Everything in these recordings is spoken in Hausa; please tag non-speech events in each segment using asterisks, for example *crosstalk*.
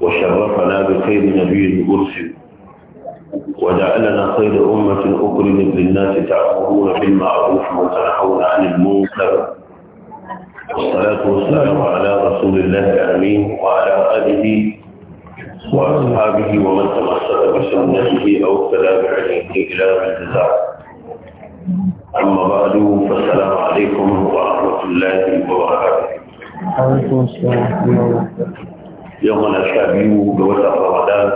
وشرفنا بخير نبي المرسل وجعلنا خير أمة أكرم للناس تعبدون بالمعروف وتنحون عن المنكر والصلاة والسلام على رسول الله امين وعلى آله وأصحابه ومن تمسك بسنته أو اتبع بعلمه إلى الجزاء أما بعد فالسلام عليكم ورحمة الله وبركاته yau mana sha biyu ga watan ramadan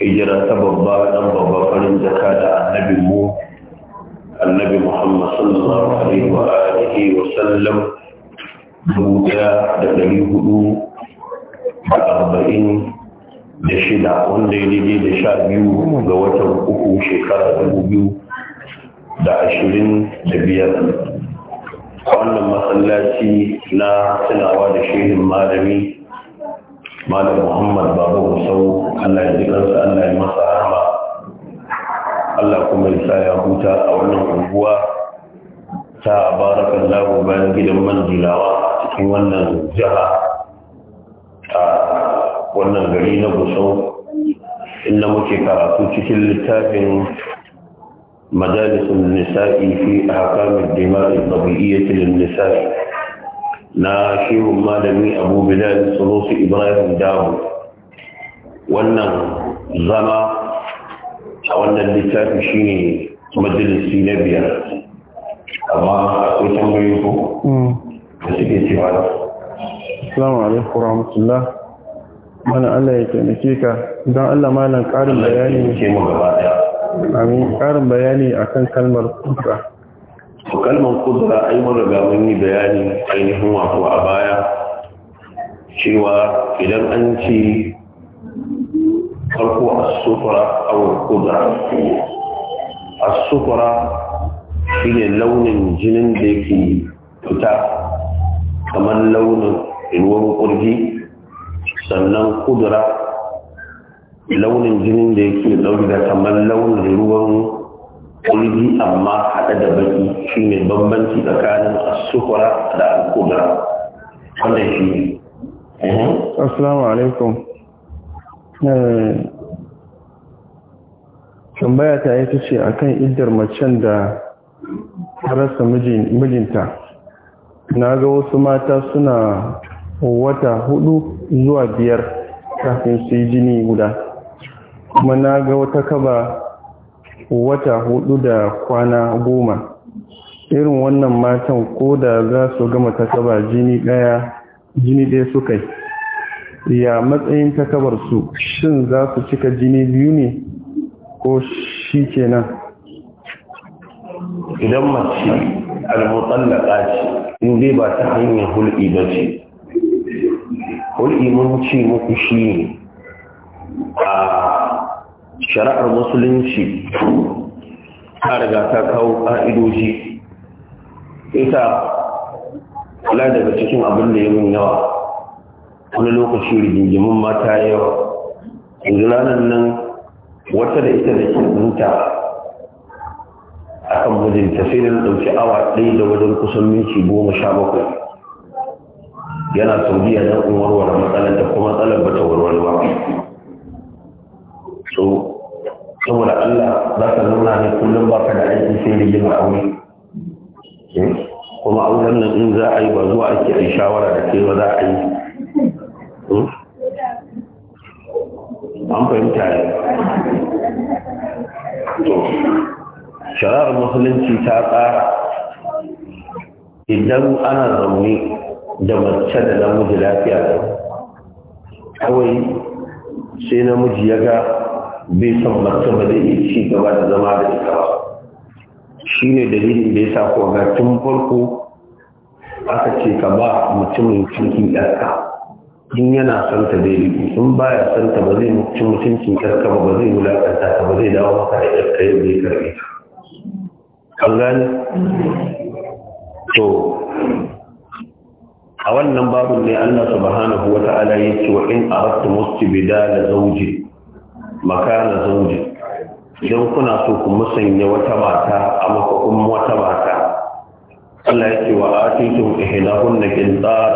hijira ta babba dan babba farin jaka da annabin mu annabi muhammad sallallahu alaihi wa alihi wa sallam dubu daya da dari hudu da arba'in da shida wanda ya daidai da sha biyu ga watan uku shekara dubu biyu da ashirin da biyar a wannan masallaci na tunawa da shirin malami malam muhammad babu musau allah ya ji kansa allah ya masa rahama allah kuma sa ya huta a wannan unguwa ta barakan labu bayan gidan manzilawa a cikin wannan jiha a wannan gari na gusau inda muke karatu cikin littafin مجالس النساء في أحكام الدماء الطبيعية للنساء ناشر مالمي أبو بلال سلوس إبراهيم داو wannan zama a wannan littafi shi ne majalisi na biyar amma akwai tambayi ko da Allah ya taimake ka don Allah malam karin bayani ne ke mu gaba daya amin ƙarin bayani akan kalmar kudura kalmar kudura ai mun riga yi bayani ainihin wato a baya cewa idan an ce farko a sufra aw kudura as-sufra shine launin jinin da yake fita kamar launin ruwan kurji sannan kudura launin jinin da yake ɗauki da kamar launin ruwan kulgi amma haɗa da baki shi ne bambanci tsakanin asukura da alkubra wannan shi ne assalamu alaikum eh, tambaya ta yi ta ce a kan idar macen da harasa mijinta na ga wasu mata suna wata hudu zuwa biyar kafin su yi jini guda kuma na ga wata kaba wata hudu da kwana goma irin wannan matan ko da za su gama takaba jini daya jini daya su yi ya matsayin takabar su shin za su cika jini biyu ne ko shi kenan idan mace al da ce in dai ba ta hanyar hulɗi ba ce hulɗi mun ce muku shi ne a shari'ar musulunci ta riga ta kawo ƙa'idoji ita kula daga cikin abin da ya yawa wani lokaci rigingimin mata yawa yanzu ranar nan wata da ita da ke akan a kan mijinta sai da ɗauki awa ɗaya da wajen kusan minti goma sha bakwai yana saudiya don warware matsalar da kuma matsalar bata warware ba saboda Allah za ka zauna ne kullum ba ka da aiki sai yin aure eh? kuma auren nan in za a yi ba zuwa ake a shawara da ke ba za a yi hmm? an fahimta ne Shara'ar musulunci ta tsara idan ana zaune da mace da namiji lafiya kawai sai namiji ya ga bai san mace ba zai iya gaba da zama da ita ba shi ne dalilin da ya sa ko ga tun farko aka ce ka ba mutumin cikin ɗarka in yana son ta zai riƙi in baya son ta ba zai mutum mutuncin ɗarka ba ba zai wulaƙanta ta ba zai dawo maka da yau da ya karɓe ta an gane to a wannan babu ne Allah subhanahu wa ta'ala ya ce wa in aradtu mustibdala zaujin makana zauji idan kuna so ku musanya wata mata a makakun um wata mata Allah yake wa atitun ihdahun na kintar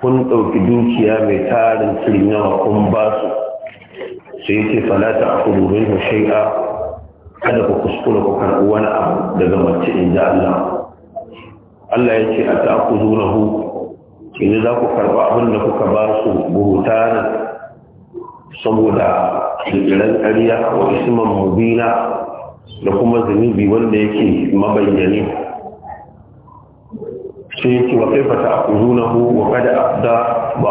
kun ɗauki dukiya mai tarin yawa kun ba su sai yake falata a kudurin shai'a kada ku kuskura ku karɓi wani abu daga mace in ji Allah Allah ya ce a ta ku hu za ku karɓi abin da kuka ba su buhuta na saboda kirkiran ƙarya wa isman mubina da kuma zunubi wanda yake mabayyane sai yake wa kaifa ta'khudunahu wa qad afda ba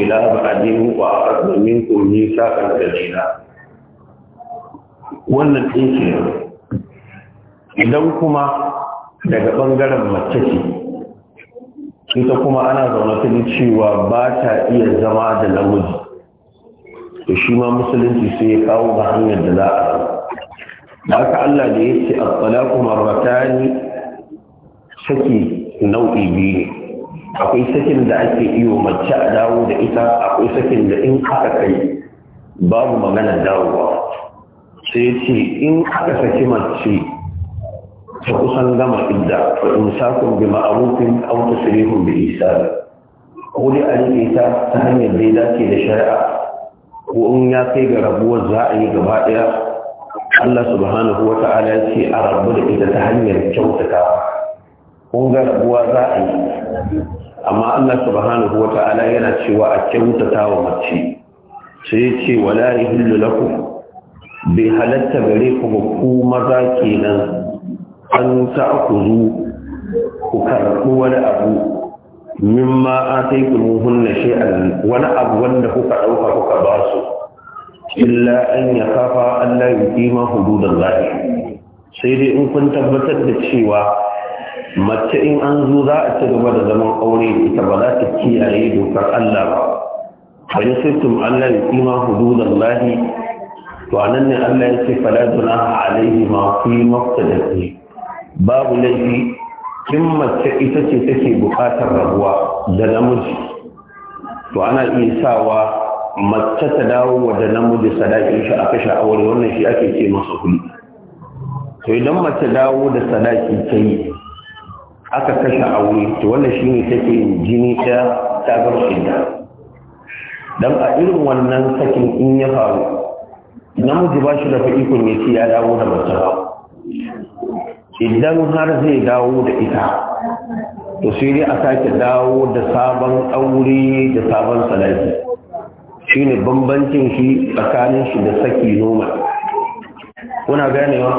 ila ba'din wa akhadna minkum mithaqan ghaliza wannan dinki idan kuma daga ɓangaren mace ce ita kuma ana zaune ta cewa ba ta iya zama da namiji to shi ma musulunci sai ya kawo ga hanyar da za a da haka Allah da ya ce at-talaqu marratani saki nau'i biyu akwai sakin da ake iyo mace a dawo da ita akwai sakin da in aka kai babu magana dawowa sai ce in aka saki mace ta kusan gama idda in sakon bi ma'rufin aw tasrihun bi ihsan ko dai a ta ta hanyar da ya dace da shari'a ko in ya kai ga rabuwar za a yi gaba ɗaya Allah subhanahu wa ta'ala ya ce a rabu da ita ta hanyar kyautata kun ga rabuwa za a yi amma Allah subhanahu wa ta'ala yana cewa a kyautata wa mace sai ya ce wala yahillu lakum bai halatta gare ku ba ku maza kenan an ta ku ku karɓi wani abu mimma hunna shay'an wani abu wanda kuka ɗauka kuka ba su illa an yakafa an la yuqima hududallahi sai dai in kun tabbatar da cewa mace in an zo za a ci gaba da zaman aure ita ba za ta kiyaye dokar Allah ba fa yasirtum an la yuqima hududallahi to anan ne Allah ya ce fala dunaha alaihi ma fi maqtadati babu laifi in mace ita ce take buƙatar rabuwa da namiji to ana iya sawa mace ta dawo wa da namiji sadakin shi a kashe aure wannan shi ake ce masa huli to idan mace dawo da sadaki ta yi aka kashe aure to wannan shi ne take jini ɗaya ta gama inda don a irin wannan sakin in ya faru namiji ba shi da faɗi ikon ya ce ya dawo da mace idan har zai dawo da ita to sai dai a sake dawo da sabon aure da sabon salati shi ne bambancin shi tsakanin shi da saki noma kuna ganewa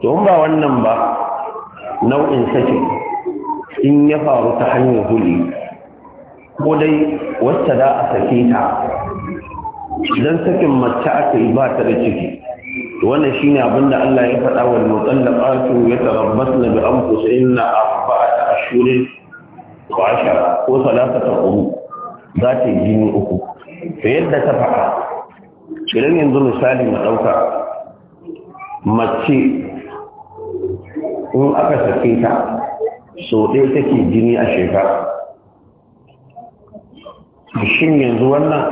in ba wannan ba nau'in saki in ya faru ta hanyar huli ko dai wacce za a sake ta idan sakin mace aka yi ba ta da ciki wannan shine abin da Allah ya faɗa wa mutallaqatu yatarabbasna bi anfusihinna arba'ata ashhurin wa ashara ko salatata quru za ta yi jini uku to yadda ta faɗa idan yanzu misali mu ɗauka mace in aka sake ta so ɗaya take jini a shekara shin yanzu wannan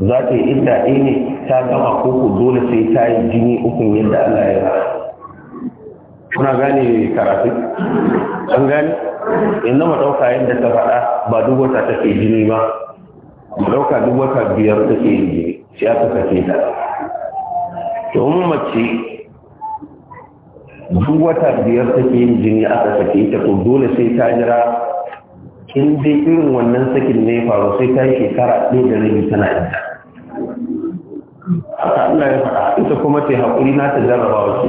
za ta yi inda ɗaya ne ta gama koko dole sai ta yi jini ukun yadda Allah ya ba kuna gane karatu an gane yanzu mu ɗauka yadda ta faɗa ba duk wata ke jini ba mu ɗauka duk wata biyar ke yin jini shi aka kake ta to mun mace duk wata biyar ta ke yin jini aka kake ta to dole sai ta jira in dai irin wannan sakin ne faru sai ta yi shekara ɗaya da rabi tana idda haka Allah ya faɗa ita kuma ta haƙuri na ta jarraba wa ke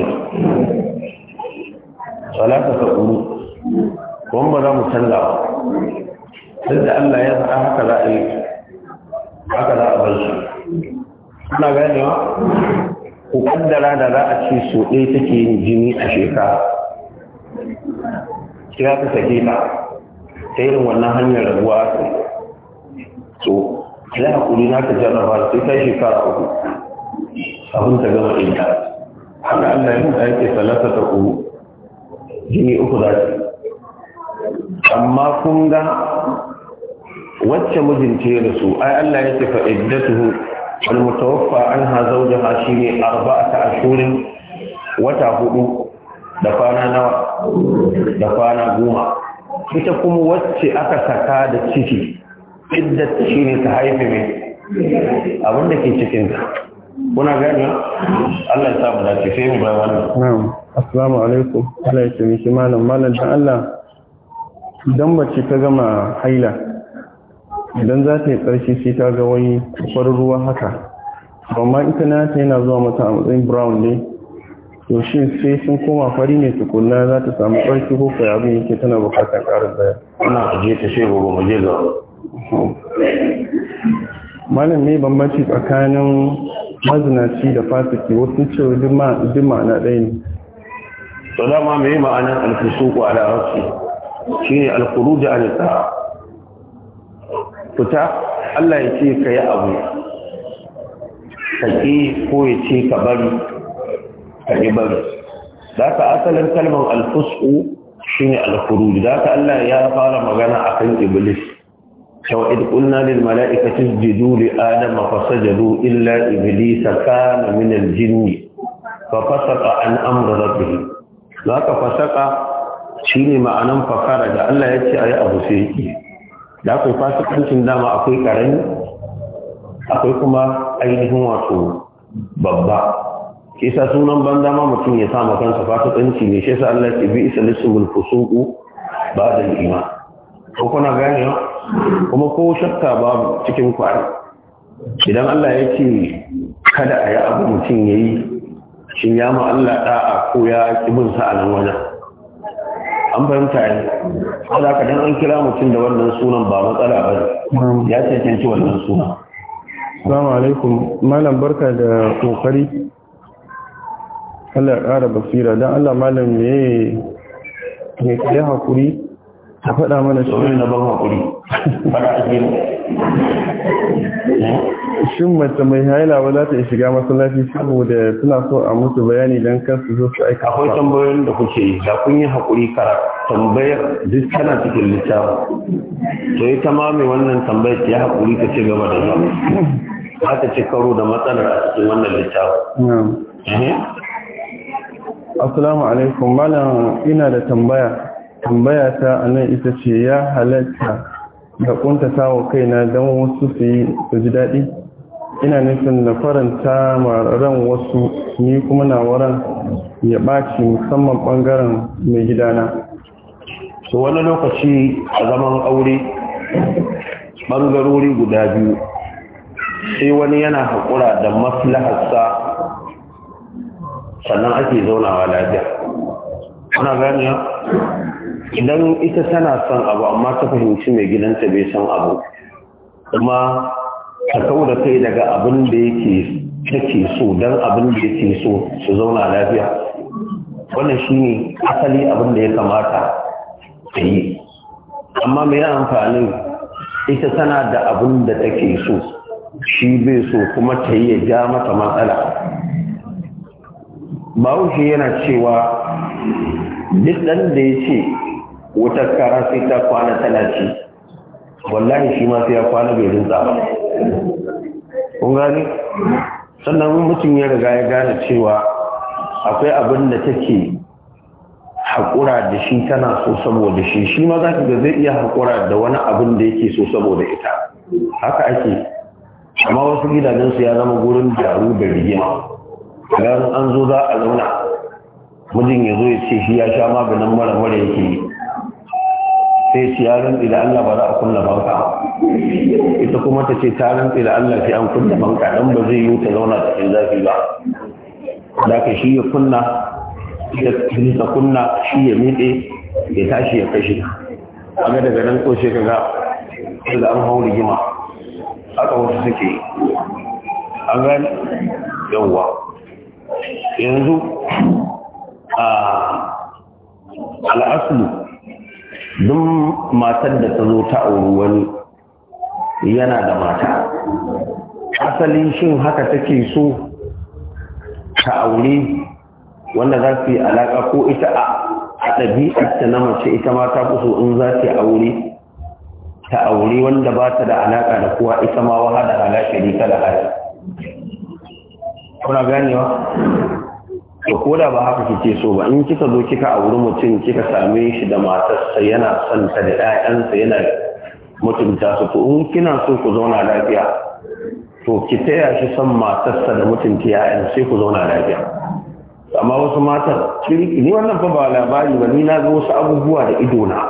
wala ta faɗuru kuma ba za mu canza ba da Allah ya faɗa haka za a yi haka za a bar shi ana ganewa ku kaddara da za a ce so ɗaya take yin jini a shekara kira ta sake ta ta irin wannan hanyar rabuwa so ya haƙuri na ka jarraba sai ta shekara uku abin ta gama inda haka Allah yin da yake salata ta uku jini uku za ta amma kun ga wacce mijinta ya rasu ai Allah ya ce fa iddatuhu wal mutawaffa anha zawjaha shine arba'ata ashurin wata hudu da kwana nawa da kwana goma ita kuma wacce aka saka da ciki iddatta shi ne ta haifi mai abin da ke cikin ta kuna gani Allah ya sa mu dace sai mu bai wannan na'am assalamu alaikum Allah ya tsare shi malam malam dan Allah idan mace ta gama haila idan za ta yi tsarki sai ta ga wani kufar ruwa haka amma ita na ta yana zuwa mata a matsayin brown ne to shi sai sun koma fari ne su tukunna za ta samu tsarki ko kai abin yake tana bukatar karin baya ana ajiye ta shi gobe mu je ga malam ne bambanci tsakanin mazinaci da fasiki wasu ce duk ma'ana ɗaya ne to dama mai ma'anar alfusuku a larabci shi ne alkuru a alita fita allah ya ce ka yi abu ka ƙi ko ya ce ka bari ka yi bari za ka asalin kalmar alfusku shi ne alkuru za ka allah ya fara magana a kan iblis cewa id qulna lil mala'ikati adama fasajadu illa iblisa kana min al jinni fa fasaqa an amri rabbih zaka fasaqa shine ma'anan fakara da Allah ya ce a yi sai yake da akwai fasikancin dama akwai karami akwai kuma ainihin wato babba isa sunan banza ma mutum ya sama kansa fasikanci ne shi yasa Allah ya bi isa lismul fusuqu ba'da al-iman ko kuna gane kuma ko shakka babu cikin kwari idan Allah ya ce kada a yi abu mutum ya yi shi ya ma Allah ɗa'a ko ya ƙibin sa a nan wajen an fahimta ne Kada ka dan an kira mutum da wannan sunan ba matsala ba ya ce ci wannan sunan Assalamu alaikum malam barka da kokari Allah ya ƙara basira don Allah malam me ne ya hakuri a faɗa mana shi na ban haƙuri faɗa ake shin mace mai haila ba za ta yi shiga masallaci saboda suna so a mutu bayani don kansu su zo su aika akwai tambayoyin da kuke yi da kun yi haƙuri kara tambayar duk tana cikin littafin to ita ma mai wannan tambayar ya haƙuri ta ce gaba da zama za ta ci karo da matsalar a cikin wannan littafin. Eh? Assalamu alaikum, malam ina da tambaya. tambaya ta nan ita ce ya halatta da kuntata wa kaina don wasu su yi su ji daɗi ina nufin da faranta ran wasu ni kuma na waran ya ɓaci musamman ɓangaren mai gidana su wani lokaci a zaman aure ɓangarori guda biyu sai wani yana haƙura da maslahatsa sannan ake zaunawa lafiya gani ya? idan ita tana son abu amma ta fahimci mai gidanta bai san abu kuma ta da kai daga abin da yake take so don abin da yake so su zauna lafiya wannan shi ne asali abin da ya kamata ta yi amma mai amfanin ita tana da abin da take so shi bai so kuma ta yi ya ja mata matsala bawushe yana cewa duk ɗan da ya ce wutar kara sai ta kwana tana ci wallahi shi ma sai ya kwana bai rinsa ba kun gani sannan mutum ya riga ya gane cewa akwai abin da take haƙura da shi tana so saboda shi shi ma za ki ga zai iya haƙura da wani abin da yake so saboda ita haka ake amma wasu su ya zama gurin jaru da rigima idan an zo za a zauna mijin ya zo ya ce shi ya sha maganin mara mara yake yi sai shi ya rantsi da Allah ba za a kunna banka ita kuma ta ce ta rantsi da Allah sai an kunna banka dan ba zai yi ta zauna da cikin zafi ba da ka shi ya kunna ya ta kunna shi ya miɗe ya tashi ya kashi kaga daga nan ko shekara ga da an hau rigima haka wasu suke an gani yawwa yanzu a duk matar da ta zo ta auri wani yana da mata asalin shin haka take so ta aure wanda za su yi alaƙa ko ita a ɗabi'arta na mace ita ma ta kuso in za yi aure ta aure wanda ba ta da alaƙa da kowa ita ma wahala da ne ta da hari kuna ganewa to ko da ba haka kike so ba in kika zo kika a wurin mutum kika same shi da matarsa yana son ta da ƴaƴansa yana mutunta su to in kina so ku zauna lafiya to ki taya shi son matarsa da mutunta ƴaƴan sai ku zauna lafiya amma wasu matar ni wannan fa ba labari ba ni na ga wasu abubuwa da ido na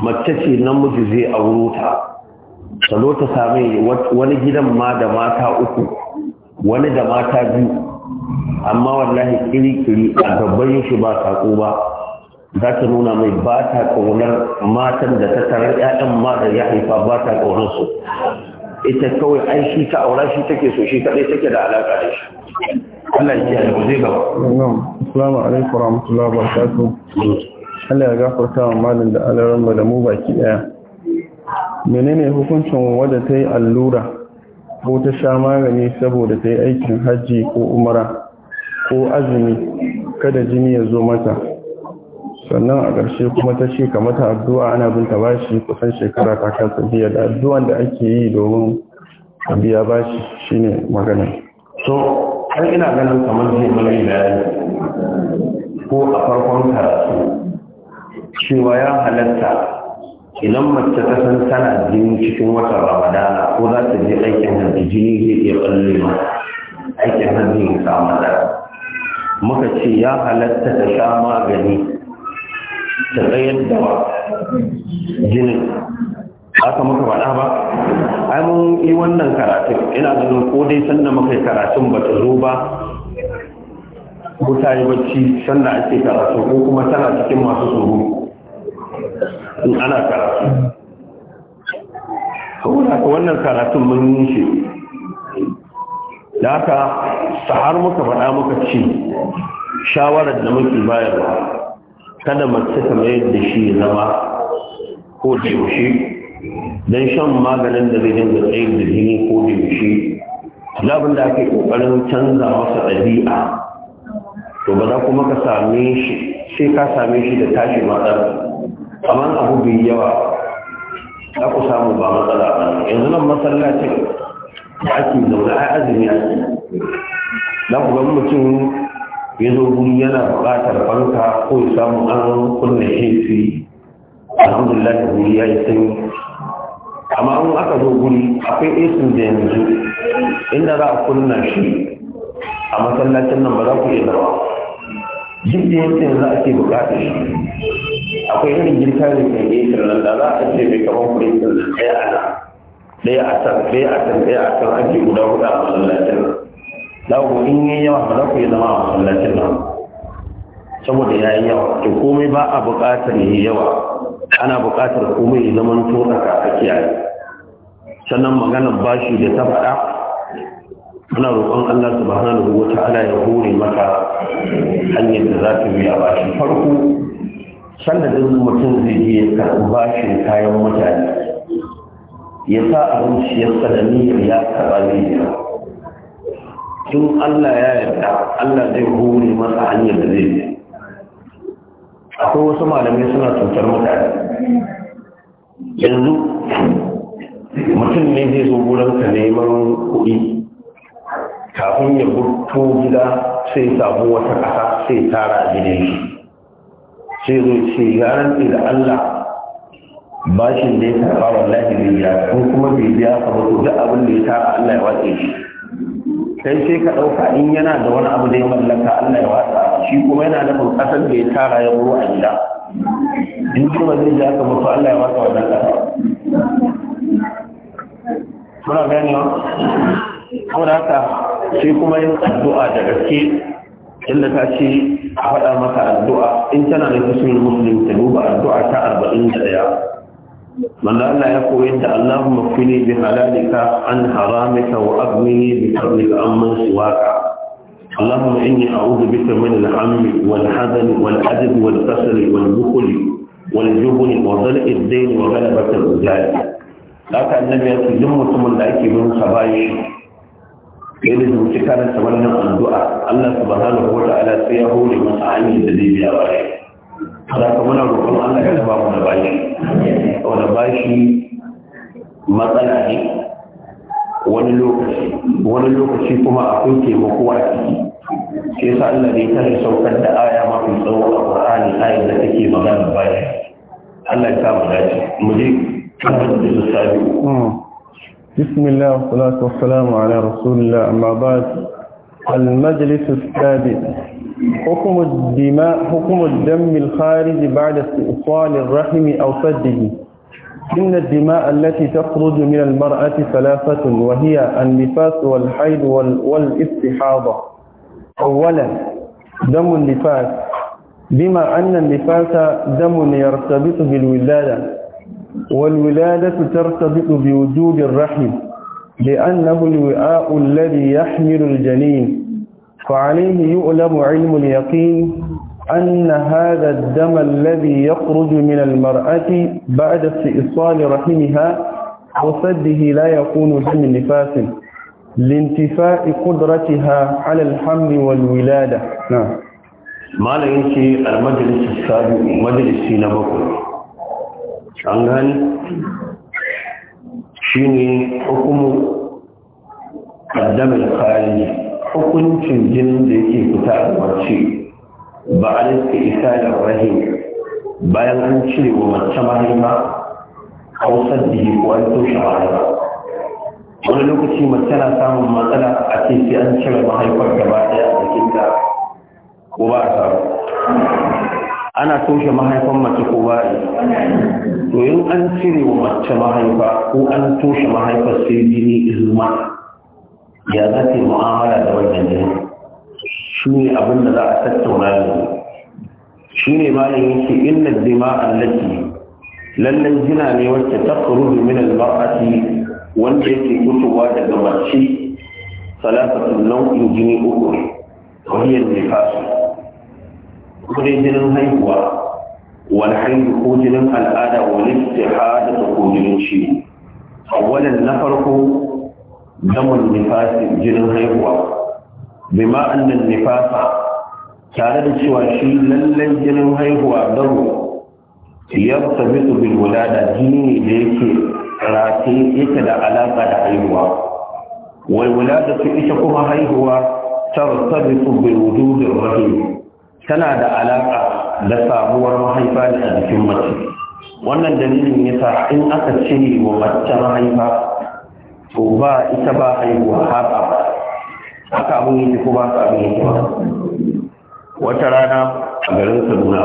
mace ce namiji zai auro ta salo ta same wani gidan ma da mata uku wani da mata biyu amma wallahi kiri-kiri a gaban shi ba sako ba za ta nuna mai ba ta ƙaunar matan da ta tarar 'ya'yan ma da ya haifa ba ta ƙaunar su ita kawai ai shi ta aura shi take so shi kaɗai take da alaƙa da shi Allah ya kiyaye mu zai gaba Assalamu alaikum warahmatullahi wabarakatuh Allah ya gafarta wa malin da alaran da mu baki daya menene hukuncin wadda ta yi allura ko ta sha magani saboda ta yi aikin hajji ko umara ko azumi kada jini ya zo mata sannan a ƙarshe kuma ta ce ka mata addu'a ana bin ta bashi kusan shekara ta kasa biya da addu'an da ake yi domin a biya bashi shine magana so har ina ganin kamar zai mana bayani ko a farkon karatu cewa ya halatta idan mace ta san tana jini cikin watan ramadana ko za ta je aikin hajji jini zai iya balle ma aikin hajji ya samu muka ce ya halatta ta sha magani ta tsayar da jinin haka muka faɗa ba ai mun yi wannan karatun ina ganin ko dai sanda muka yi karatun ba ta zo ba mutane yi bacci sanda ake karatu ko kuma tana cikin masu tsoro in ana karatu ka wannan karatun mun yi shi da haka sahar muka faɗa muka ci shawarar da muke bayarwa kada mace ta mayar da shi zama ko da yaushe don shan maganin da zai dinga tsayar da jini ko da yaushe zabin da ake ƙoƙarin canza masa ɗabi'a to ba za kuma ka same shi sai ka same shi da tashi matsala kamar abu bai yawa za ku samu ba matsala ba yanzu nan masallacin da ake zaune a azumi ake za ku ga mutum ya zo guri yana buƙatar banka ko ya samu an kunna hefi alhamdulillah guri ya yi sanyi amma an aka zo guri akwai esin da yanzu inda za a kunna shi a masallacin nan ba za ku iya zama duk da yanzu ake buƙatar shi akwai irin jirka ne mai girkin nan da za a ce mai kamar kuɗin da ɗaya a nan ɗaya a can ɗaya a can ɗaya a can ake guda huɗu a masallacin nan za ku in yi yawa ba za ku yi zama a masallacin nan saboda ya yi yawa to komai ba a buƙatar yi yawa ana buƙatar komai ya zama to tsaka a kiyaye sannan maganar bashi da ta faɗa muna roƙon Allah subhanahu wa ta'ala ya hore maka hanyar da za ta biya bashi farko ɗin mutum zai je ya karɓi bashin kayan mutane ya sa abinci da niyyar ya karɓa zai tun Allah ya yarda Allah zai hore masa hanyar da zai bi akwai wasu malamai suna cutar mutane yanzu mutum ne zai zo ka neman kuɗi kafin ya gudu gida sai samu wata ƙasa sai tara a gidan shi sai zo ce ya da Allah bashin da ya karɓa wallahi bai biya ko kuma bai biya ka ba to duk abin da ya tara Allah ya watsa shi sai sai ka ɗauka in yana da wani abu da ya mallaka Allah ya watsa shi kuma yana da ƙasar da ya tara ya buru a gida in kuma zai ka ba mutu Allah ya watsa wannan ƙasa muna ganewa da haka sai kuma yin addu'a da gaske inda ta ce a faɗa maka addu'a in tana da kusurin musulun ta duba addu'a ta arba'in da ɗaya manzo Allah ya koyar da Allahumma kuni bi halalika an haramika walhazani, aghnini bi fadlika amman siwaka اللهم إني أعوذ بك من الهم والحزن والعجز والكسل والبخل والجبن وضلع الدين وغلبة الرجال لك النبي يقول لهم ثم لأكي من خبائش kai da zuci karanta wannan addu'a Allah da kowace Ala sai ya hori masa amin da zai biya ba baya saboda muna roƙon Allah ya raba mu da bashi wanda bashi matsala ne wani lokaci wani lokaci kuma akwai taimako a ciki sai sa Allah ne ta saukar da aya mafi tsawo a Qur'ani ayar da take magana baya Allah ya sa mu dace mu je kan da su sabi بسم الله والصلاة والسلام على رسول الله أما بعد المجلس السادس حكم الدماء حكم الدم الخارج بعد استئصال الرحم أو سده إن الدماء التي تخرج من المرأة ثلاثة وهي النفاس والحيض والاستحاضة أولا دم النفاس بما أن النفاس دم يرتبط بالولادة والولادة ترتبط بوجود الرحم لأنه الوعاء الذي يحمل الجنين فعليه يؤلم علم اليقين أن هذا الدم الذي يخرج من المرأة بعد استئصال رحمها وسده لا يكون دم نفاس لانتفاء قدرتها على الحمل والولادة نعم ما لا ينشي المجلس السابق مجلس سينبقل an gani shi ne hukumu ƙaddamar khariji hukuncin jinin da yake fita a wace ba a rika isa da rahim bayan an cire wa mace mahaifa hausar da yi ko an toshe wani lokaci mace na samun matsala a ce sai an cire mahaifar gaba ɗaya a jikinta ko ba a samu ana toshe mahaifan mace ko ba'i to an cire wa mace mahaifa ko an toshe mahaifar sai jini izuma ya za ta mu'amala da wannan jini shi ne abin da za a tattauna yanzu shi ne malin yake inna dima allati lallan jina ne wacce ta furudu min al-mar'ati wanda yake fitowa daga mace salatatun nau'in jini uku wahiyar nifasu kudin jinin haihuwa wani haihu ko jinin al'ada wani istihada da ko jinin shi awalan na farko damun nifasi jinin haihuwa ma annan nifasa tare da cewa shi lallan jinin haihuwa damu ya sabitu bil wulada jini ne da yake rati yake da alaka da haihuwa da su ita kuma haihuwa tartabitu bil wujudin rahim tana da alaƙa da sabuwar mahaifa da a jikin mace wannan dalilin yasa in aka cire wa mace mahaifa to ba ita ba haihuwa har abada haka abin yake ko ba su abin ba wata rana a garin kaduna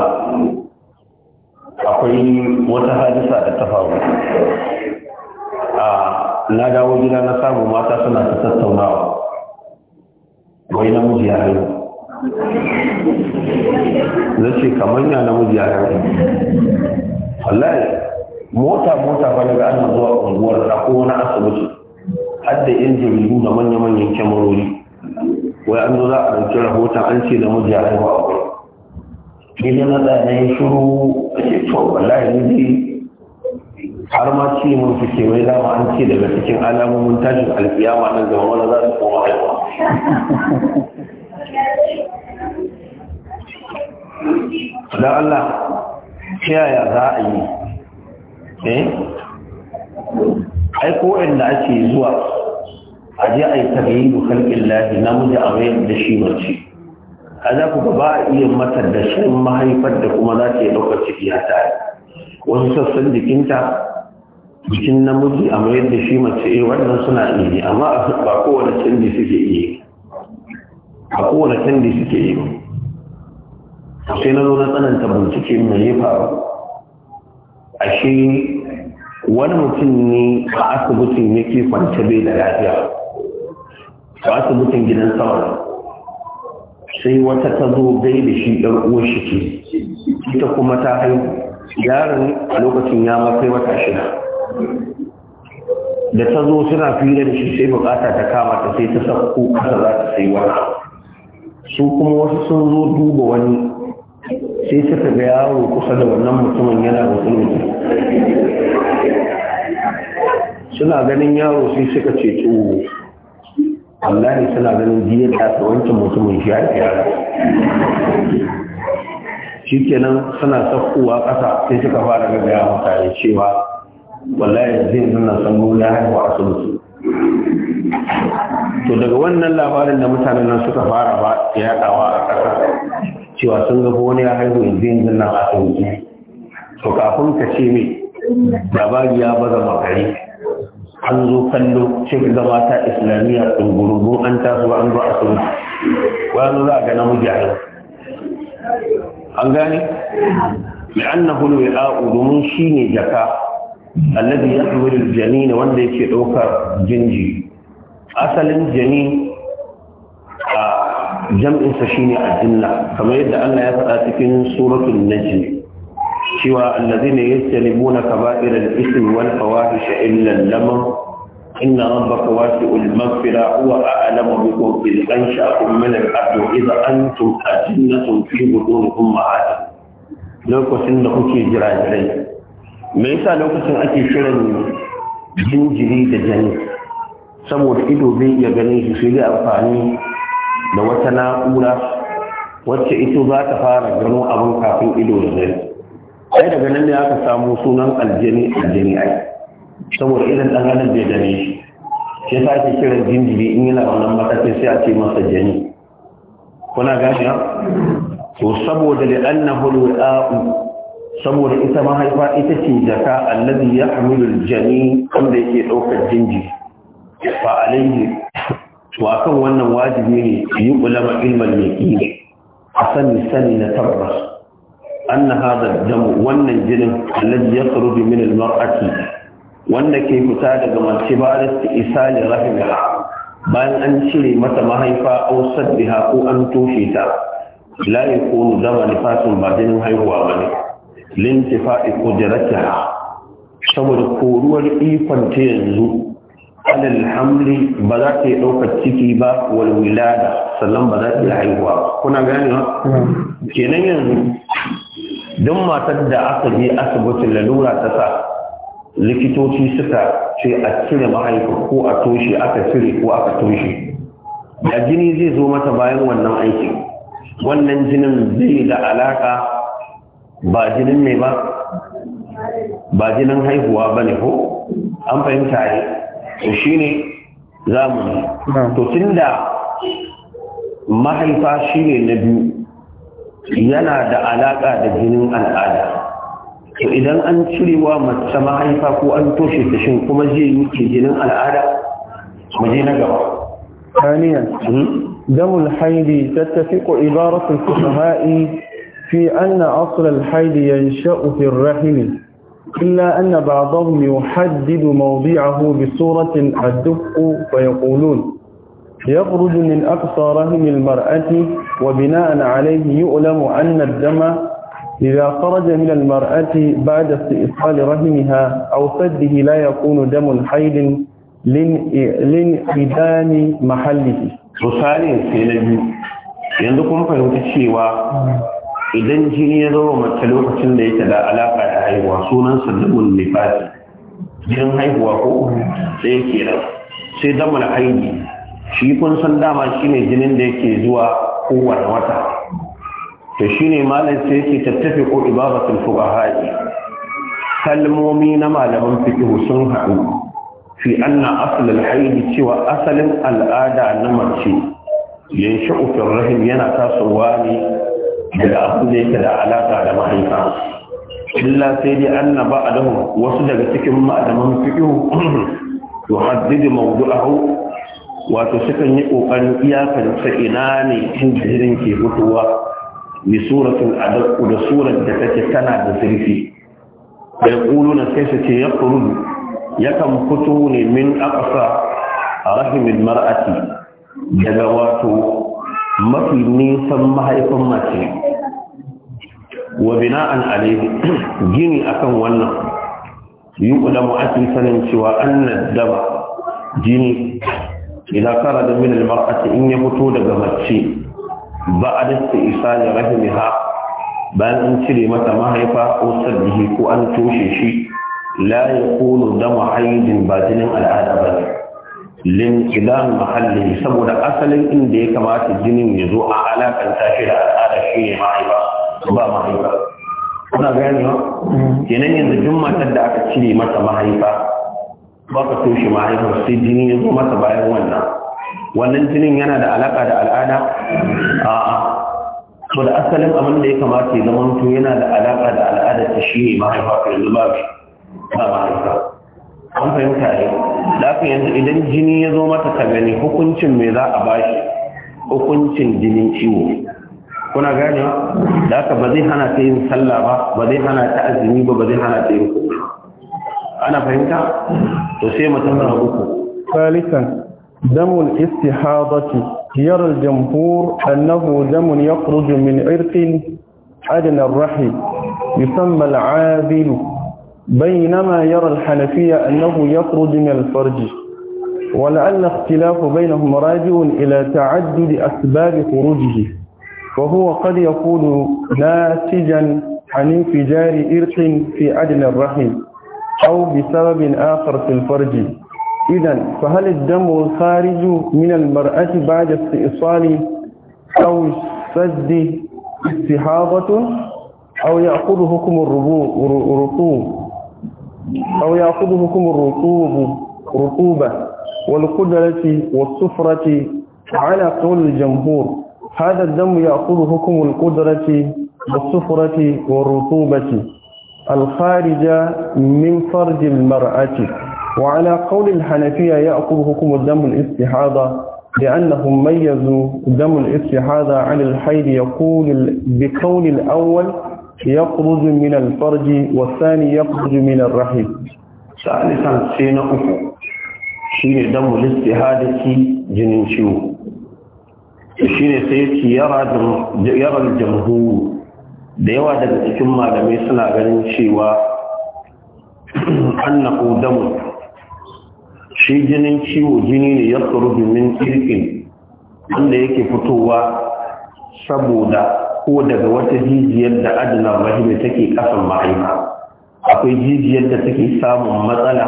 akwai wata hadisa da ta faru a na dawo gida na samu mata suna ta tattaunawa wai namiji ya haihu na ce kamar ya namiji ya rabu wallahi mota mota ba daga ana zuwa unguwar ta ko wani asibiti har da yan jaridu da manya-manyan kyamarori wai an zo za a ɗauki rahoton an ce da miji ya yau a wurin ni da na tsaya na yi shuru a ce to wallahi ne dai har ma ce mun fice wai dama an ce daga cikin alamomin tashin alkiyama nan zama wani za su koma haihuwa da Allah ya za a yi eh aiko inda ake zuwa a je a yi tabayin halƙin lahi muje a mayar da shi mace a za ku ba a iya mata da shi mahaifar da kuma za ta yi ɗaukar ciki a tare wasu sassan jikinta jikin namiji a mayar da shi mace eh wannan suna iya amma ba kowane canji suke iya ba kowane canji suke iya sai na zo na tsananta bincike mai ya faru shi wani mutum ne a asibitin yake kwance bai da lafiya a asibitin gidan sama sai wata ta zo bai da shi ɗan shi ke ita kuma ta haihu yaron a lokacin ya makai wata shida da ta zo suna fira da shi sai bukata ta kama ta sai ta sauko kasa za ta sai wani su kuma wasu sun zo duba wani sai suka ga yawo kusa da wannan mutumin yana da tsulmi suna ganin yaro sai suka ce tsoho Allah ne suna ganin biyar ta wancan mutumin shi haƙi yara shi kenan suna sakkowa ƙasa sai suka fara ga gaya mutane cewa wallahi zai nuna san ya haihuwa asibiti to daga wannan labarin da mutanen nan suka fara ba yaɗawa a ƙasa cewa sun ga wani ya haihu yanzu yanzu na asibiti to kafin ka ce mai labari ya baza makari an zo kallo ce ga mata islamiyya ɗungurungun an taso an zo asibiti wani za a ga namiji a yau an gane li'annahu al-wi'a'u domin shine jaka alladhi yahmilu al-janin wanda yake ɗaukar jinji asalin janin jam'insa shine adilla kamar yadda Allah ya faɗa cikin suratul najm cewa allazina yajtanibuna kaba'ira al-ithmi wal fawahish illa al-lamam inna rabbaka wasi'ul maghfira huwa a'lamu bikum id ansha'akum min al-ard idha antum ajinnatun fi butun ummahatikum lokacin da kuke jirajirai me yasa lokacin ake kiran jinjiri da jani saboda ido bai iya ganin shi sai dai amfani da wata na'ura wacce ito za ta fara gano abin kafin ido da zai sai daga nan ne aka samu sunan aljini aljini ai saboda irin dan adam bai gane shi sai sa ake kiran jinjiri in yana wannan matakin sai a ce masa jini kuna gani to saboda da annahu al'a'u saboda ita mahaifa ita ce jaka allazi yahmilu aljani wanda yake daukar jinjiri fa alayhi to akan wannan wajibi ne yi ulama mai yaqini a sani sani na tabbas anna hadha damu wannan jinin alladhi yakhruju min al ake. wanda ke fita daga mace ba da isali rahimiha bayan an cire mata mahaifa aw saddiha ko an toshe ta ko yakunu dama nifasun ba jinin haihuwa faɗi ko qudratiha saboda koruwar ikon ta yanzu alal hamli ba za ta yi ɗaukar ciki ba wal wilada sannan ba za ta yi haihuwa kuna gane ba kenan yanzu duk matar da aka je asibitin lalura ta sa likitoci suka ce a cire mahaifa ko a toshe aka cire ko aka toshe da jini zai zo mata bayan wannan aikin wannan jinin zai da alaka ba jinin ne ba ba jinin haihuwa ba ne ko an fahimta ne to shine zamani to tunda mahaifa shi ne na biyu yana da alaƙa da jinin al'ada to idan an cirewa mace mahaifa ko an toshe ta shin kuma zai yi ke jinin al'ada maje na gaba ثانيا دم الحيض تتفق عبارة الفقهاء في أن أصل الحيض ينشأ في الرحم إلا أن بعضهم يحدد موضعه بصورة أدق فيقولون يخرج من أقصى رحم المرأة وبناء عليه يؤلم أن الدم إذا خرج من المرأة بعد استئصال رحمها أو سده لا يكون دم حيد لانعدام محله. Misalin sai na biyu, yanzu kun fahimci cewa idan jini ya zo mace lokacin da yake da alaƙa da haihuwa sunan sallamun nifasi jinin haihuwa ko sai ke nan sai damar aiki shi kun san dama shine jinin da yake zuwa kowane wata to ne malam sai yake tattafi ko ibabatul fuqaha'i kalmomi na malaman fiqh sun haɗu fi anna asl al cewa asalin al'ada na mace Yanshi, fi rahim yana tasowa ne daga abu da yake da alaƙa da mahaifa illa sai dai an na ba adahu wasu daga cikin ma'adaman fiƙihu to haddidu mawdu'ahu wato sukan yi ƙoƙarin iyakarsa ina ne injirin ke fitowa bi suratul adab da surar da take tana da zurfi da na sai su ce ya yakan fito ne min aqsa rahimin mar'ati daga wato mafi nisan mahaifin mace wa an alaihi *clears throat* gini akan wannan yi ƙudamu ake sanin cewa an daba jini idan kara da min almar'ati in ya fito daga mace ba a dasta isa ya ha, bayan an cire mata mahaifa ko sabbihi ko an toshe shi la ya kunu dama haidin ba jinin al'ada ba ne lin idan mahalli saboda asalin inda ya kamata jinin ya zo a alakan shi da al'ada shi ne mahaifa ba mahaifa kuna gani ba kenan yanzu duk matar da aka cire mata mahaifa ba ka toshe mahaifa sai jini ya zo mata bayan wannan wannan jinin yana da alaka da al'ada a'a so da asalin abin da ya kamata ya zama yana da alaka da al'ada ta shi ne mahaifa ka yanzu ba ba mahaifa an fahimta ne lafi yanzu idan jini ya zo mata ka gani hukuncin me za a bashi hukuncin jinin ciwo kuna gane da haka ba zai hana ta yin sallah ba ba zai hana ta azumi ba ba zai hana ta yin ana fahimta to sai mutum na uku salisan damul istihadati يرى الجمهور Damun دم يخرج من عرق أدنى الرحم يسمى العاذل بينما يرى الحنفية أنه يخرج من الفرج ولعل اختلاف بينهم راجع إلى تعدد أسباب خروجه وهو قد يكون ناتجا عن انفجار إرق في أدنى الرحم أو بسبب آخر في الفرج إذا فهل الدم الخارج من المرأة بعد استئصال أو سد استحاضة أو يأخذ حكم الرطوب أو يأخذهكم الرطوب رطوبة والقدرة والصفرة على قول الجمهور هذا الدم يأخذهكم القدرة والصفرة والرطوبة الخارجة من فرج المرأة وعلى قول الحنفية يأخذهكم الدم الاستحاضة لأنهم ميزوا دم الاستحاضة عن الحيض يقول بقول الأول يخرج من الفرج والثاني يخرج من الرحم ثالثا سين أكو شين دم الاستهادة جنين شو shine sai yace yara da yawa daga cikin malamai suna ganin cewa annahu damu shi jinin ciwo jini ne ya tsoro min wanda yake fitowa saboda ko daga wata jijiyar da adana mahimmi take kasan mahaifa akwai jijiyar da take samun matsala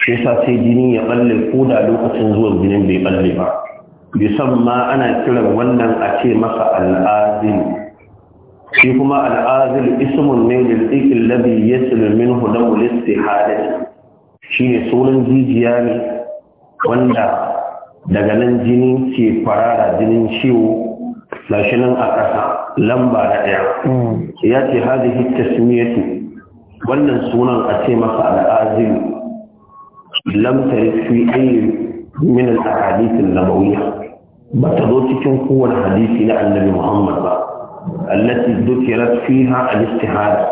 shi sa sai jini ya balle ko da lokacin zuwan jinin bai balle ba bisan ma ana kiran wannan a ce masa al'azim shi kuma al'azil ismun ne lil'ikin labi ya sulmin hudan wulisti halin shi ne sunan jijiya ne wanda daga nan jini ke kwarara jinin ciwo gashi nan a ƙasa lamba na ɗaya hmm. ya ce hadihi tasmiyatu wannan sunan a ce masa al'azim lam tarif fi ayyi min al-ahadith an-nabawiyya ba ta zo cikin kowane hadisi na annabi Muhammad ba allati dukirat fiha al-istihada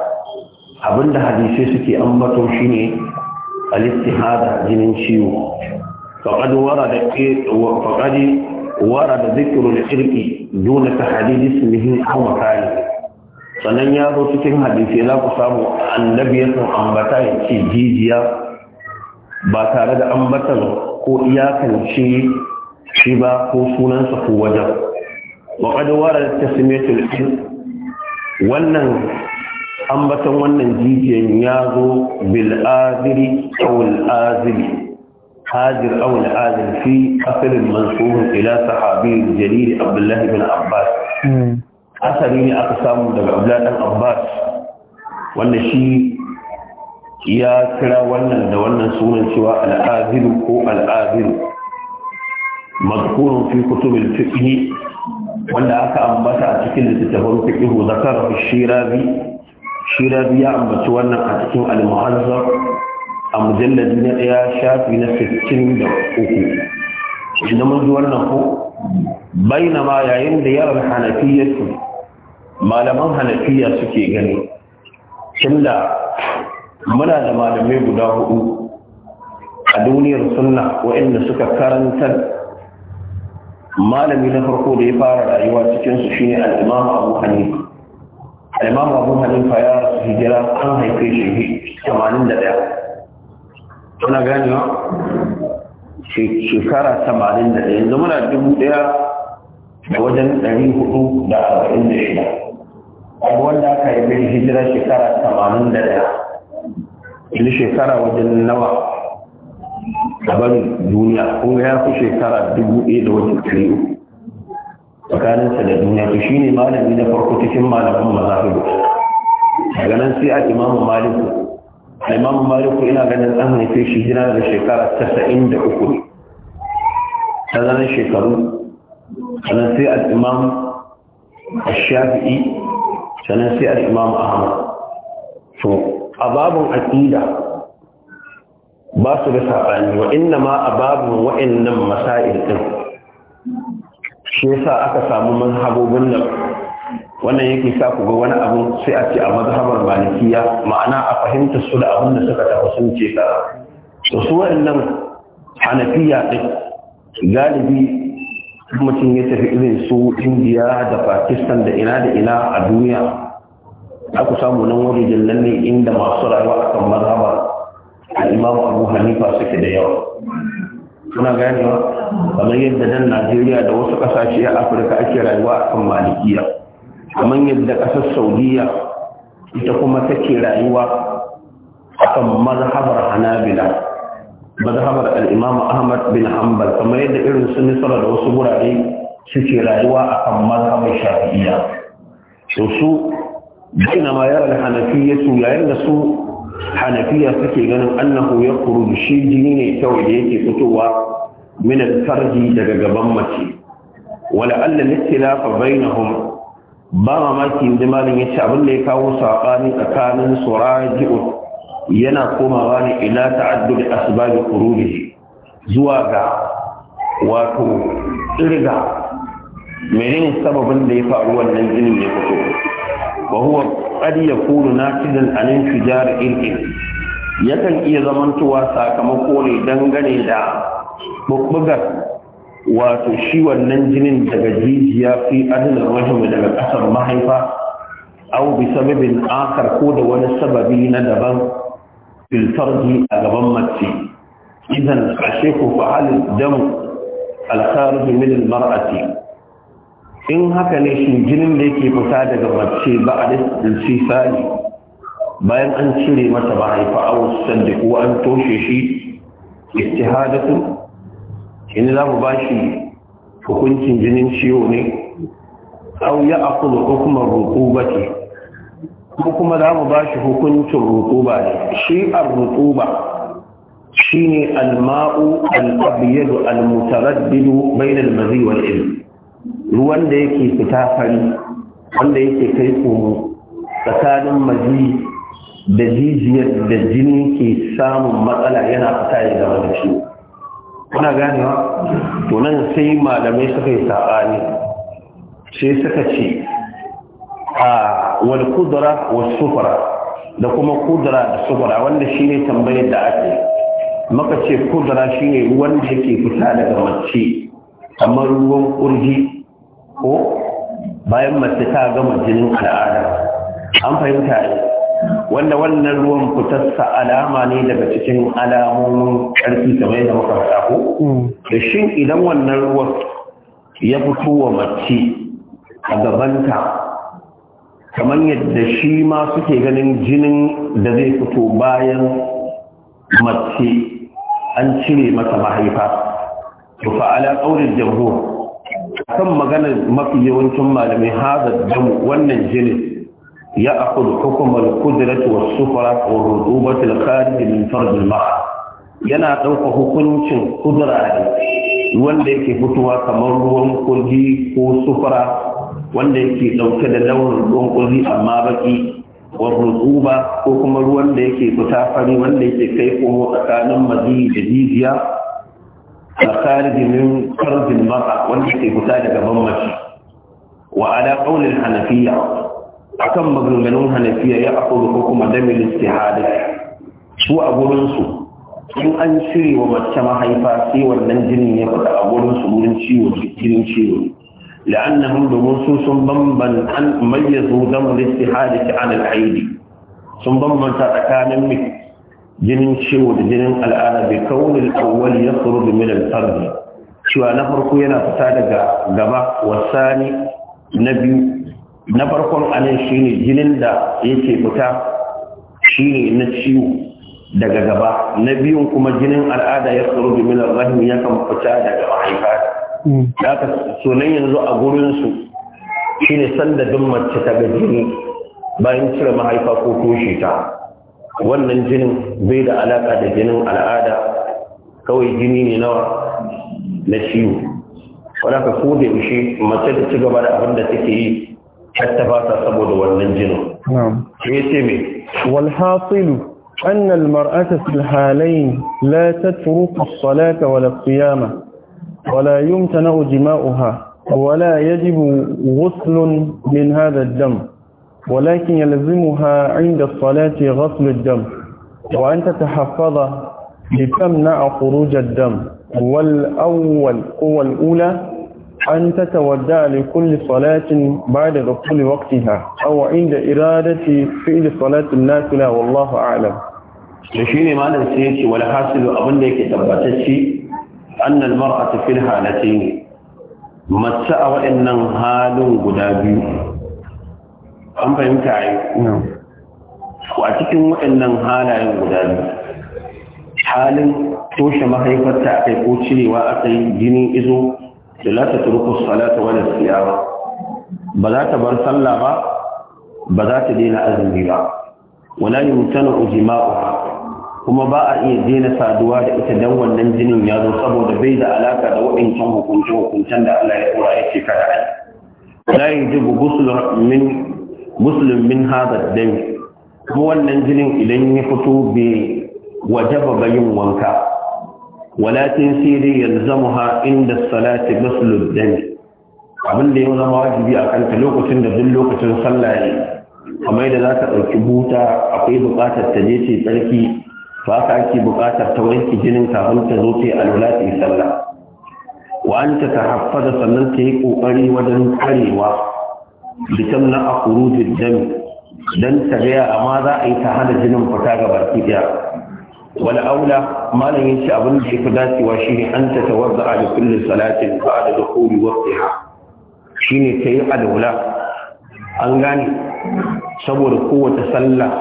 abinda hadisi suke ambato shine al-istihada jinin ciwo faqad warada faqad warada dhikru al-irqi dole ta hadisi ismihi aw sannan ya zo cikin hadisi za ku samu annabi ya san ambata ya ce jijiya ba tare da ambatan ko iyakan shi ba ko sunansa ko wajen wa qad warada wannan ambatan wannan jijiyan ya zo bil aziri حاضر او العازل في اثر المنصوب الى صحابي الجليل عبد الله بن عباس اثري اقسام من عبد الله بن عباس wannan shi ya kira wannan da wannan sunan cewa al’azir ko al’azir makonun fi kutubin fiƙi wanda aka ambata a cikin littattafan fiƙi zakar shirabi shirabi ya ambaci wannan a cikin al a mujalladi na ɗaya shafi na 63 inda mun ji wannan ko baina ma yayin da yaran hanafiya su malaman hanafiya suke gani tunda muna da malamai guda hudu a duniyar sunna waɗanda suka karantar malami na farko da ya fara rayuwa cikinsu shine al'imamu abu hanifa al'imamu abu hanifa ya rasu hijira an haife shi 81 kuna gani wa shekara tamanin da ɗaya, zama na dubu ɗaya da wajen ɗari hudu da arba'in da shida abu wanda aka yi bin hijira shekara tamanin da ɗaya Ili shekara wajen nawa a bari duniya kun ya fi shekara dubu ɗaya da wajen ɗari uku tsakaninsa da duniya to shine malami na farko cikin malaman mazafi. daga nan sai a imamu maliku imamu maliku ina ganin an haife shi hijira daga shekara tasa'in da uku ne ta zanen shekaru sannan sai al'imam shafi'i sannan sai al'imam ahmad to a babin aƙida ba su da saɓani wa inna ma a babin wa'annan masa'il ɗin shi yasa aka samu manhabobin nan wannan yake sa ku ga wani abu sai a ce a mazhabar malikiya ma'ana a fahimtar su da abin da suka tafi sun ce ka to su wa'annan hanafiya din galibi mutum ya tafi irin su indiya da pakistan da ina da ina a duniya aku samu nan wajen nan ne inda masu rayuwa akan mazhabar a imamu abu hanifa suke da yawa suna ganewa kamar yadda nan najeriya da wasu ƙasashe a afirka ake rayuwa akan malikiya kamar yadda ƙasar saudiya ita kuma take rayuwa akan mazhabar hanabila mazhabar al'imam ahmad bin hanbal kamar yadda irin su nisara da wasu wurare suke rayuwa akan mazhabar shafi'iyya to su ma yara hanafiya su yayin da su hanafiya suke ganin annahu ya kuru shi jini ne kawai da yake fitowa min farji daga gaban mace wala alla listilafa bainahum ba mamaki inda malin ya ce abin da ya kawo saɓani tsakanin suraji'un yana komawa ne ila ta'addud asbabi khuruji zuwa ga wato irga menene sababin da ya faru wannan jinin ya fito wa huwa qad yakunu nakidan an infijar ilmi yakan iya zamantowa sakamako ne dangane da bubbugar wato shi wannan jinin daga jijiya fi adana rahimi daga ƙasar mahaifa au bi sababin akar ko da wani sababi na daban filfarji a gaban mace idan ashe ku fa'al dam al-kharij min marati in haka ne shi jinin da yake fita daga mace ba a lisani bayan an cire mata mahaifa au sanda ko an toshe shi istihadatu in za mu ba shi hukuncin jinin ciwo ne au ya aku da hukumar rukuba ce ko kuma za mu ba shi hukuncin rukuba ne shi a rukuba shi ne alma'u al'abiyadu al-mutaraddidu bainal mazi ilm ruwan da yake fita fari wanda yake kai komo tsakanin maji da jijiyar da jini ke samun matsala yana fita ya zama da ciwo kuna ganewa to nan sai malamai suka yi saɓani sai suka ce a wal kudura wa sufura da kuma kudura da sufura wanda shine tambayar da ake maka ce kudura shine wanda yake fita daga mace kamar ruwan kurji ko bayan mace ta gama jinin al'ada an fahimta ne wanda wannan ruwan fitarsa alama ne daga cikin alamomin ƙarfi kamar da muka faɗa hmm. da shin idan wannan ruwan ya fito wa mace a gabanta kamar yadda shi ma suke ganin jinin da zai fito bayan mace an cire masa mahaifa to fa ala ƙaurin jamhur kan maganar mafi yawancin malamai haza damu wannan jinin يأخذ حكم القدرة والسفرة والرطوبة الخارج من فرد الماء yana ɗauka hukuncin kudura ne wanda yake fitowa kamar ruwan kurji ko sufura wanda yake dauke da launin ruwan kurji amma baki wa rutuba ko kuma ruwan da yake fita fari wanda yake kai komo tsakanin mazi da jijiya a karibin karfin maka wanda yake fita daga mamaci wa ala ƙaunin hanafiya akan maganganun hanafiya ya akwai ko kuma damil istihada su a gurinsu in an shirya wa mace mahaifa sai wannan jinin ya fita a gurinsu wurin ciwo jinin ciwo la'annahum domin su sun bamban an mayyazu damil istihada ki an al'aidi sun bambanta tsakanin jinin ciwo da jinin al'ada bai kawunin awwal ya tsoro da al-fardi cewa na farko yana fita daga gaba wasani na biyu na farkon anan ne jinin da yake fita shi ne na ciwo daga gaba na biyun kuma jinin al'ada ya tsoro milar rahim ya kama fita daga mahaifa hmm. da aka sunan yanzu a gurinsu shi ne sanda duk mace ta ga jini bayan cire mahaifa ko toshe ta wannan jinin bai da alaka da jinin al'ada kawai jini ne nawa na ciwo wadda ka ko da yaushe mace ta ci gaba da abin da take yi fata saboda wannan jinin. Ke ce mai? Walhasilu, annal mar'ata silhalayin la ta turuka salata wala siyama, wala yumta na ujima'uha, wala yajibu guslun min hadar dam, walakin yalzimuha inda salati guslun dam, wa an ta tahaffada bi na a kurujar dam, wal'awwal ko wal'ula An أن تتودع لكل صلاة بعد دخول وقتها أو عند إرادة فعل صلاة النافلة wallahu أعلم da shi ne malam sai ya ce wani abinda yake tabbatacci yake tabbatacce annal fi fil halatayn mace a wa'annan halin guda biyu an fahimta ai a cikin wa'annan halayen guda biyu halin toshe mahaifarta akai ko cirewa akai jinin izo da la ta turku salata wa siyama ba za bar sallah ba bazata daina azumi ba wala yumtana ijma'uha kuma ba a iya daina saduwa da ita dan wannan jinin ya zo saboda bai da alaka da waɗancan hukunce hukuncen da Allah ya kora yake kada ai la yujibu ghusl min muslim min hadha dam kuma wannan jinin idan ya fito bai wajaba yin wanka walakin sai dai yalzamuha inda salati maslul dami abin da ya zama wajibi a kanta lokacin da duk lokacin sallah ne kamar da za ka ɗauki buta akwai buƙatar ta je ce tsarki ba ka ake buƙatar ta wanke jinin kafin ta zo ta alwalati ta yi sallah wa ta tahaffaza sannan ta yi ƙoƙari wajen karewa bitam na akurujin dan ta gaya amma za a yi ta hana jinin fita ga baki daya wal aula malam ya ce abin da ya fi dacewa shi ne an ta tawarda a kullum salatin ba a da dukuri waktiha shi ne ta yi alwala an gane saboda kowace sallah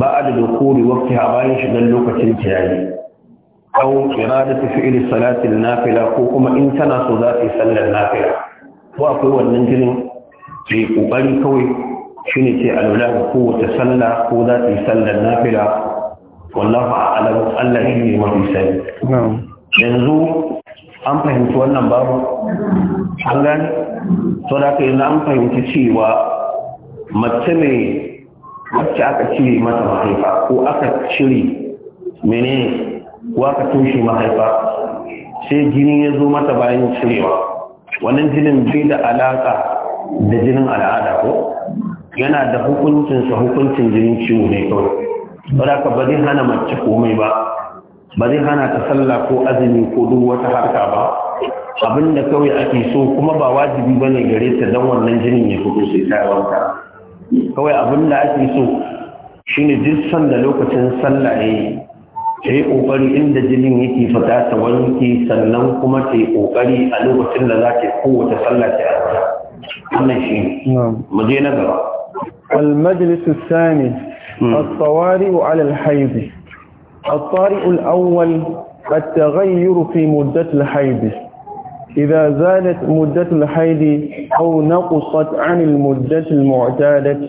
ba a da dukuri waktiha bayan shigar lokacin ta ya yi yayi da iradatu fi'li salatin nafila ko kuma in tana so za ta yi sallar nafila ko akwai wannan jinin ke kokari kawai shi ne shine ce alwala ko kowace sallah ko za ta yi sallar nafila wallahu a'lam Allah shi ne mafi sani yanzu an fahimci wannan babu an gani to da kai an fahimci cewa mace ne wacce aka cire mata mahaifa ko aka cire menene ko aka toshe mahaifa sai jini ya zo mata bayan cirewa wannan jinin bai da alaka da jinin al'ada ko yana da hukuncinsa hukuncin jinin ciwo ne kawai ka ba zai hana mace komai ba ba zai hana ta sallah ko azumi ko duk wata harka ba abinda kawai ake so kuma ba wajibi bane gare ta dan wannan jinin ya fito sai ta wanka kawai abinda ake so shine duk da lokacin sallah ne ta yi ƙoƙari inda jinin yake fita ta wanke sannan kuma ta yi ƙoƙari a lokacin da za ta kowace sallah ta yi wannan shi mu je na gaba المجلس الثاني الطوارئ على الحيض الطارئ الأول التغير في مدة الحيض إذا زادت مدة الحيض أو نقصت عن المدة المعتادة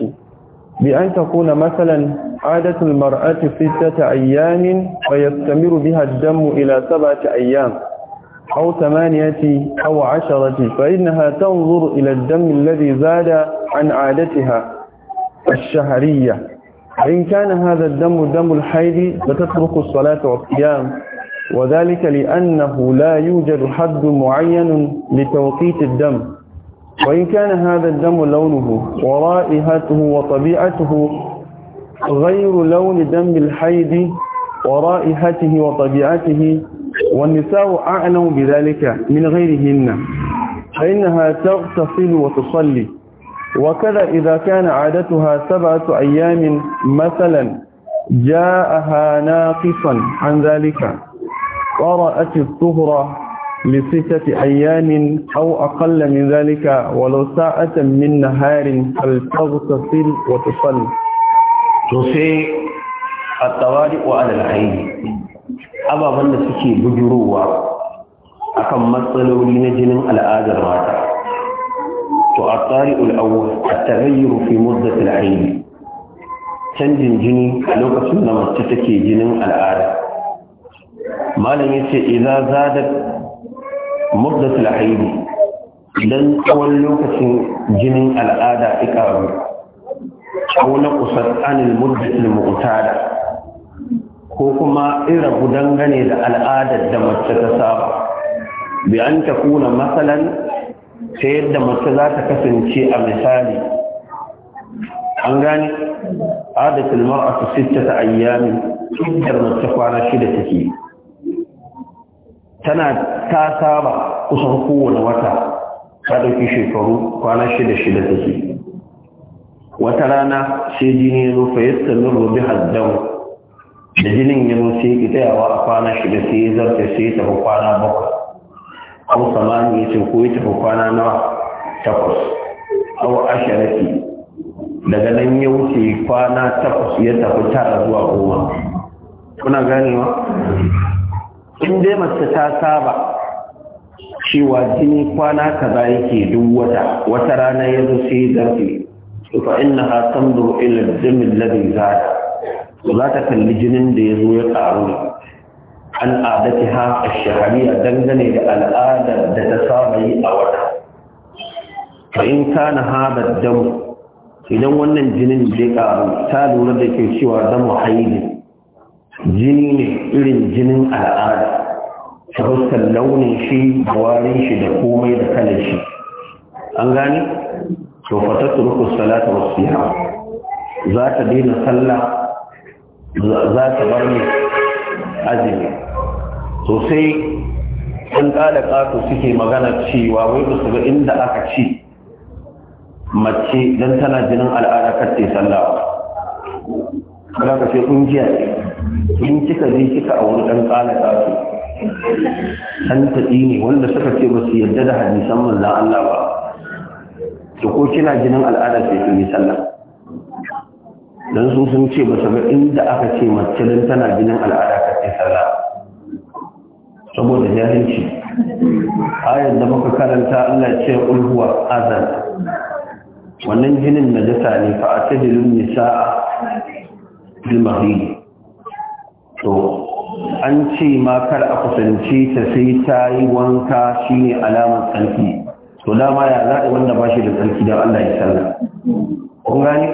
بأن تكون مثلا عادة المرأة ستة أيام ويستمر بها الدم إلى سبعة أيام أو ثمانية أو عشرة فإنها تنظر إلى الدم الذي زاد عن عادتها الشهرية فإن كان هذا الدم دم الحيض فتترك الصلاة والصيام وذلك لأنه لا يوجد حد معين لتوقيت الدم وإن كان هذا الدم لونه ورائحته وطبيعته غير لون دم الحيض ورائحته وطبيعته والنساء أعلم بذلك من غيرهن فإنها تغتسل وتصلي وكذا إذا كان عادتها سبعة أيام مثلا جاءها ناقصا عن ذلك قرأت الظهر لستة أيام أو أقل من ذلك ولو ساعة من نهار فلتغتسل وتصل تصي الطوارئ على العين أبا من سكي بجروا أكم matsaloli na jinin al'adar mata to a tsari'ul awwal at-taghayyur canjin jini a lokacin da mace take jinin al'ada malam yace idza zadat muddat al-hayd idan tsawon lokacin jinin al'ada ko na naqsat anil muddat al ko kuma ira dangane da al'adar da mace ta saba bi an kuna masalan ta yadda mace za ta kasance a misali an gani adatul mar'atu ta ayyami iddar mace kwana shida take tana ta saba kusan kowane wata ta ɗauki shekaru kwana shida shida take wata rana sai jini ya zo fa yadda nuru bi da jinin ya zo sai ki tsayawa a kwana shida sai ya zarta sai ya tafi kwana bakwai ko samani ya ce ko ya tafi kwana nawa takwas ko asharati daga nan ya wuce kwana takwas ya tafi tara zuwa goma kuna ganewa in dai mace ta saba cewa jini kwana kaza yake duk wata wata rana ya zo sai zarfi fa inna ha tamdu ila dami alladhi zada za ta kalli jinin da ya zo ya karu an adatiha a shahriya dangane da al'adar da ta saba yi a wata fa in kana hada dam idan wannan jinin bai karu ta lura da ke cewa damu haidi jini ne irin jinin al'ada ta fuskar launin shi da warin shi da komai da kalar shi an gane to fa tatruku salata wasu siya. za ta daina sallah za ta bar azumi sosai ɗan ƙada ƙato suke magana cewa wai ba su ga inda aka ci mace don tana jinin al'ada kacce sallah ba ka ce ƙungiya in kika ne kika a wani ɗan ƙada ƙato ɗan taɗi ne wanda suka ce ba su yarda da hadisan manzan Allah ba to ko kina jinin al'ada sai kin yi sallah dan su sun ce ba su ga inda aka ce mace don tana jinin al'ada kacce sallah saboda jahilci ayar da muka karanta Allah ce ulhuwa azan wannan jinin najasa ne fa tajirin nisaa bil to an ce ma kar a kusanci ta sai ta yi wanka shine alamar tsarki to dama ya zaɗi wanda ba shi da tsarki don Allah ya sallah kun gani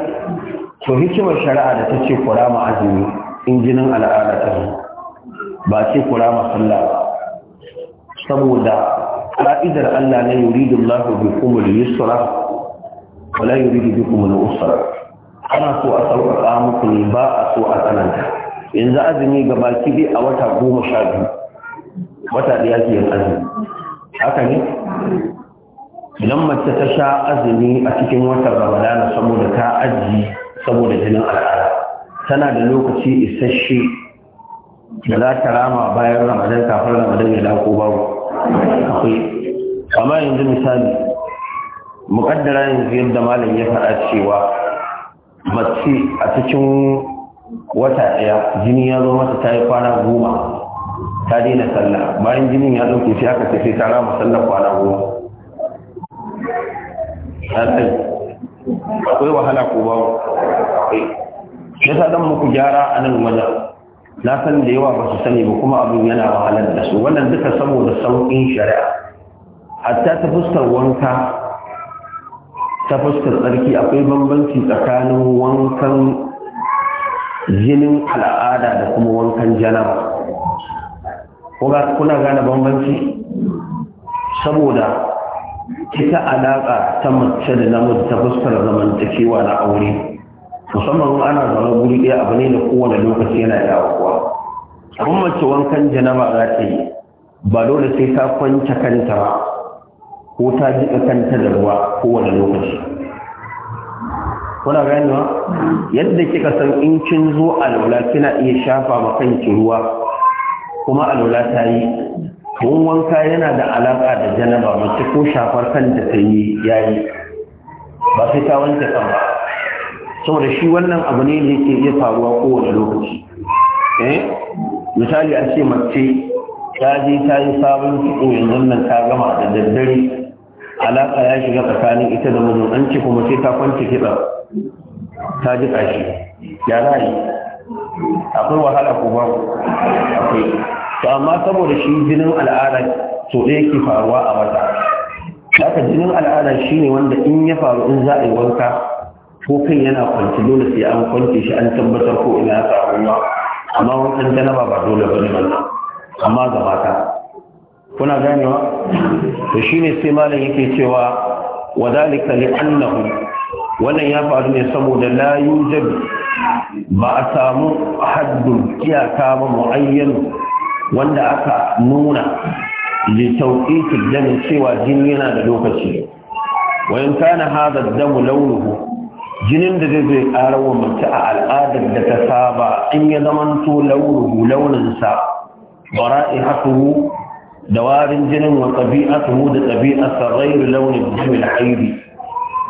to hikimar shari'a da ta ce kurama azumi in jinin al'ada ta zo ba ce kurama sallah ba saboda ƙa'idar Allah na yuridu Allah kuma da yusra wa la yuridu bikum al-usra ana so a sauƙaƙa muku ne ba a so a tsananta yanzu azumi ga baki dai a wata goma sha biyu wata ɗaya ke yin azumi haka ne idan mace ta sha azumi a cikin wata ramadana saboda ta ajiye saboda jinin al'ada tana da lokaci isasshe da za ta rama bayan ramadan kafin ramadan ya dako babu akwai amma yanzu misali muƙaddara yanzu yadda malam ya faɗa cewa mace a cikin wata ɗaya jini ya zo mata ta yi kwana goma ta daina sallah bayan jinin ya ɗauke sai aka tafi ta rama sallah kwana goma akwai wahala ko ba yasa dan muku gyara a nan wajen na san da yawa ba su sani ba kuma abin yana wahalar da su wannan duka saboda sauƙin shari'a hatta ta fuskar wanka ta fuskar tsarki akwai bambanci tsakanin wankan jinin al'ada da kuma wankan janaba kuna gane bambanci saboda ita alaƙa ta mace da namiji ta fuskar zamantakewa na aure musamman ana zama guri ɗaya abu ne da kowane lokaci yana da kuwa abin mace wankan janaba za ta yi ba dole sai ta kwanta kanta ba ko ta jiƙa kanta da ruwa kowane lokaci kuna ganewa yadda kika san in kin zo alwala kina iya shafa ma kanki ruwa kuma alwala ta yi kun wanka yana da alaƙa da janaba mace ko shafar kanta ta yi yayi ba sai ta wanke kan ba saboda shi wannan abu ne da yake iya faruwa kowane lokaci eh misali a ce mace ta je ta yi sabon fito yanzu nan ta gama da daddare alaƙa ya shiga tsakanin ita da mijin an ce kuma sai ta kwance kiɗa ta ji ƙashi ya za yi akwai wahala ko ba akwai to amma saboda shi jinin al'ada to ɗaya yake faruwa a wata haka jinin al'ada shine wanda in ya faru in za a yi wanka ko kan yana kwanci dole sai an kwance shi an tabbatar ko ina ya ruwa amma wankan janaba ba dole bane wannan amma ga mata kuna ganewa to shine sai malam yake cewa وذلك لأنه wannan ya faru ne saboda la yujad ba a samu haddun iyaka ba mu'ayyan wanda aka nuna li tawqitil dam cewa jin yana da lokaci wa in kana hadha ad-dam lawnuhu jinin da zai zai ƙara wa mace a al'adar da ta saba in ya zamanto launuhu launinsa bara'i hasuhu da warin jinin wa ɗabi'atuhu da ɗabi'arsa rairu launin jimil hairi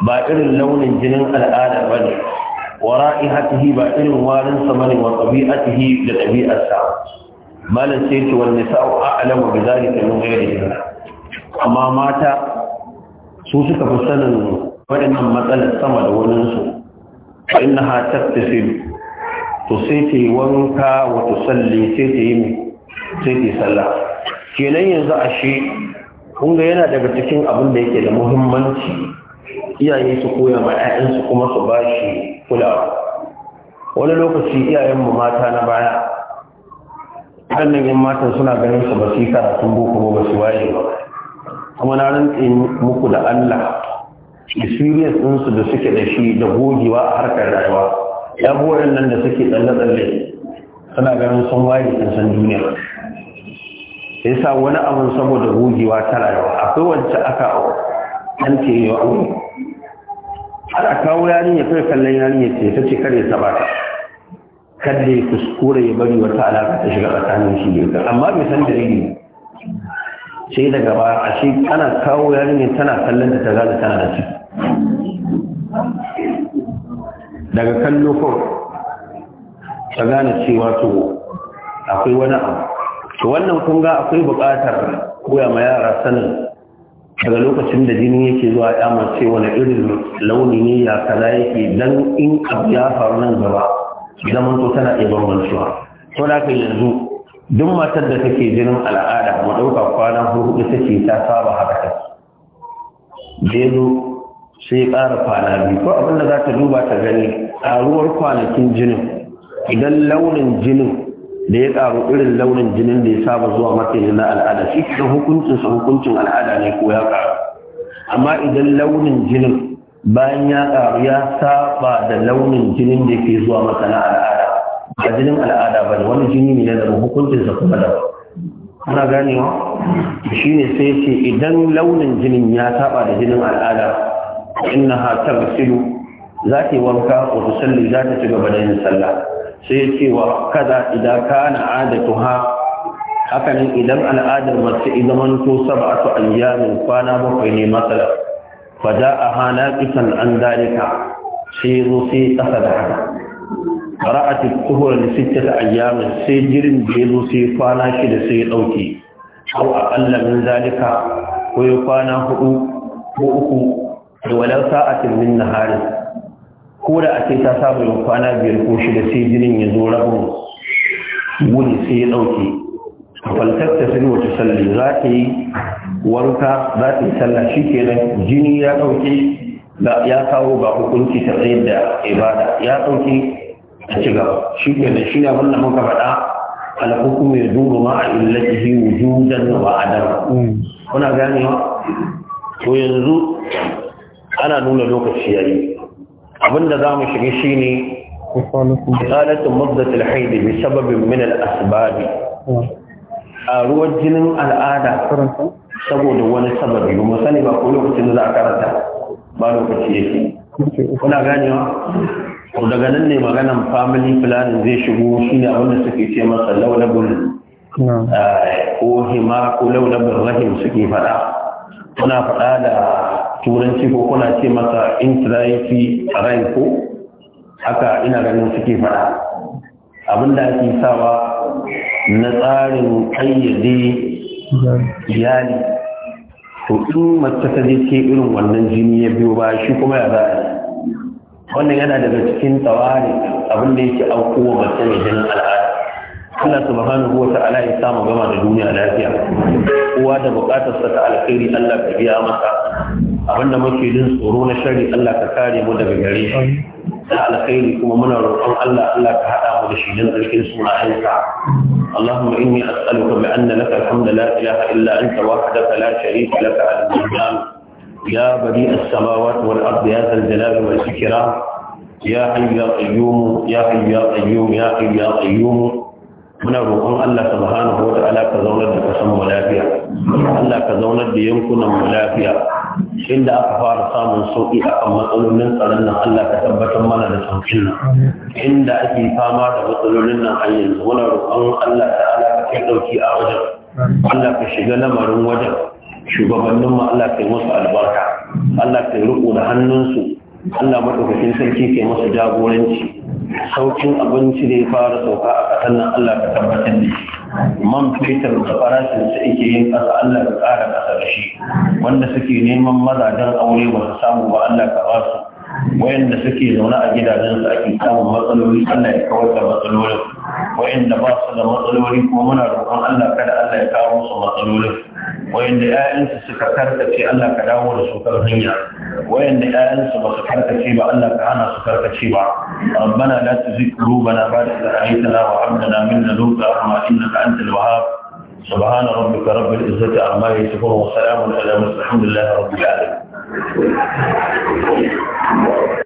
ba irin launin jinin al'ada ba ne wa ra'ihatihi ba irin warin sama ne wa ɗabi'atihi da ɗabi'arsa malam sai ce wani sa'o a'lamu bi zalika min ghairi amma mata su suka fi sanin waɗannan matsalar sama da waninsu a inna ha tattasilu to sai ta yi wanka wa ta salli sai ta yi sai ta sallah kenan yanzu ashe kun ga yana daga cikin abin da yake da muhimmanci iyaye su koya ma 'ya'yansu kuma su bashi shi kulawa wani lokaci mu mata na baya waɗannan yan matan suna ganin su ba su yi karatun boko ba su waye ba kuma na rantse muku da Allah experience ɗinsu da suke da shi da gogewa a harkar rayuwa ya buwayen nan da suke tsalle-tsalle suna ganin sun waye sun san duniya sai sa wani abin saboda gogewa ta rayuwa akwai wacce aka an ce yi har ana kawo yari ya kai kallon yari ya ce ta ce kare ta ba kuskure ya bari wata alaƙa ta shiga tsakanin shi amma bai san dalili sai daga baya a shi ana kawo yarinyar tana kallon da ta zaɗa tana da ciki daga kallo ko ta gane cewa wato akwai wani abu to wannan kun akwai buƙatar koya ma yara sanin daga lokacin da jini yake zuwa ya mace wani irin launi ne ya kaza yake dan in abu ya faru nan gaba zaman to tana iya bambancewa ko da kai yanzu duk matar da take jinin al'ada mu ɗauka kwana hudu take ta saba haka ta sai ya ƙara kwana biyu ko abin da za ta duba ta gani ƙaruwar kwanakin jinin idan launin jinin da ya ƙaru irin launin jinin da ya saba zuwa mata na al'ada shi da hukuncin sa hukuncin al'ada ne ko ya ƙaru amma idan launin jinin bayan ya ƙaru ya saba da launin jinin da ke zuwa masa na al'ada a jinin al'ada ba ne wani jini ne na zama hukuncin sa kuma daban ana ganewa shi ne sai ce idan launin jinin ya saba da jinin al'ada inna ha tagsilu za ta yi wanka wa salli za ta ci gaba da yin sallah sai ya ce wa kaza idan kana adatuha haka nan idan al'adar mace idan manto sab'atu ayyamin kwana bakwai ne matsala fa hana kisan an dalika sai zo sai tsaka da haka qara'at al-tuhur li sittati ayyamin sai jirin da sai kwana shida sai ya dauke aw aqalla min zalika ko kwana hudu ko uku da walau sa'atin min nahari ko da ake ta saba yin kwana biyar ko shida sai jirin ya zo rabin wuni sai ya dauke wata salli za yi wanka za ta shi sallah jini ya dauke ya kawo ba hukunci ta ibada ya dauke A ci gaba shi ke nan shi ne abin da muka faɗa alhukum ya duru ma a illatihi wujudan wa adama kuna gane ganewa to yanzu ana nuna lokaci yayi abin da mu shiga shine misalatu muddat alhayd bi sababin min alasbab a ruwan jinin al'ada saboda wani sababi ba sani ba ko lokacin da za a karanta ba lokaci yake kuna gane ganewa daga nan ne maganan family planning zai shigo shi ne abinda suke ce masa laulabun eh, ko hima ko laulabun rahim suke faɗa kuna faɗa da turanci ko kuna ce masa intraity rai ko haka ina ganin suke faɗa abinda ake sawa na tsarin ƙayyade iyali to in mace ta je ce irin wannan jini ya biyo ba shi kuma ya za yi wannan yana daga cikin tsawari abin da yake aukuwa mace mai jinin al'ada Allah subhanahu wa ta'ala ya samu gama da duniya lafiya kowa da bukatar sa ta alkhairi Allah ka biya masa abinda muke jin tsoro na shari Allah ka kare mu daga gare shi a alkhairi kuma muna roƙon Allah Allah ka hada mu da shi don tsarkin sunayenka اللهم إني أسألك بأن لك الحمد لا إله إلا أنت وحدك لا شريك لك المنان يا بديع السماوات والأرض يا ذا الجلال والإكرام يا حي يا قيوم يا حي يا قيوم يا حي يا قيوم muna roƙon Allah subhanahu wata'ala ka zaunar da kasan mu lafiya Allah ka zaunar da yankunan mu lafiya inda aka fara samun sauki akan matsalolin tsaron nan Allah ka tabbatar mana da saukin nan inda ake fama da matsalolin nan har yanzu muna roƙon Allah ta'ala ka kai dauki a wajen Allah ka shiga lamarin wajen shugabannin ma Allah kai musu albarka Allah kai riko da hannunsu Allah maɗaukakin sarki kai musu jagoranci saukin abinci da ya fara sauka a ƙasar nan Allah ka tabbatar da shi man fitar da farashin su ake yin ƙasa Allah ka ƙara ƙasa da shi wanda suke neman mazajen aure ba su samu ba Allah ka ba su wayanda suke zaune a gidajen su ake samun matsaloli Allah ya kawar da matsalolin wayanda ba su da matsaloli kuma muna roƙon Allah kada Allah ya kawo musu matsalolin wayanda ƴaƴansu suka karkace Allah ka dawo da su kan hanya wayanda ƴaƴansu ba su karkace ba Allah ka hana su karkace ba rabbana la tuzigh qulubana ba'da idh hadaytana wa hab lana min ladunka rahma innaka antal wahhab سبحان ربك رب العزة عما يصفون وسلام على المرسلين الحمد لله رب العالمين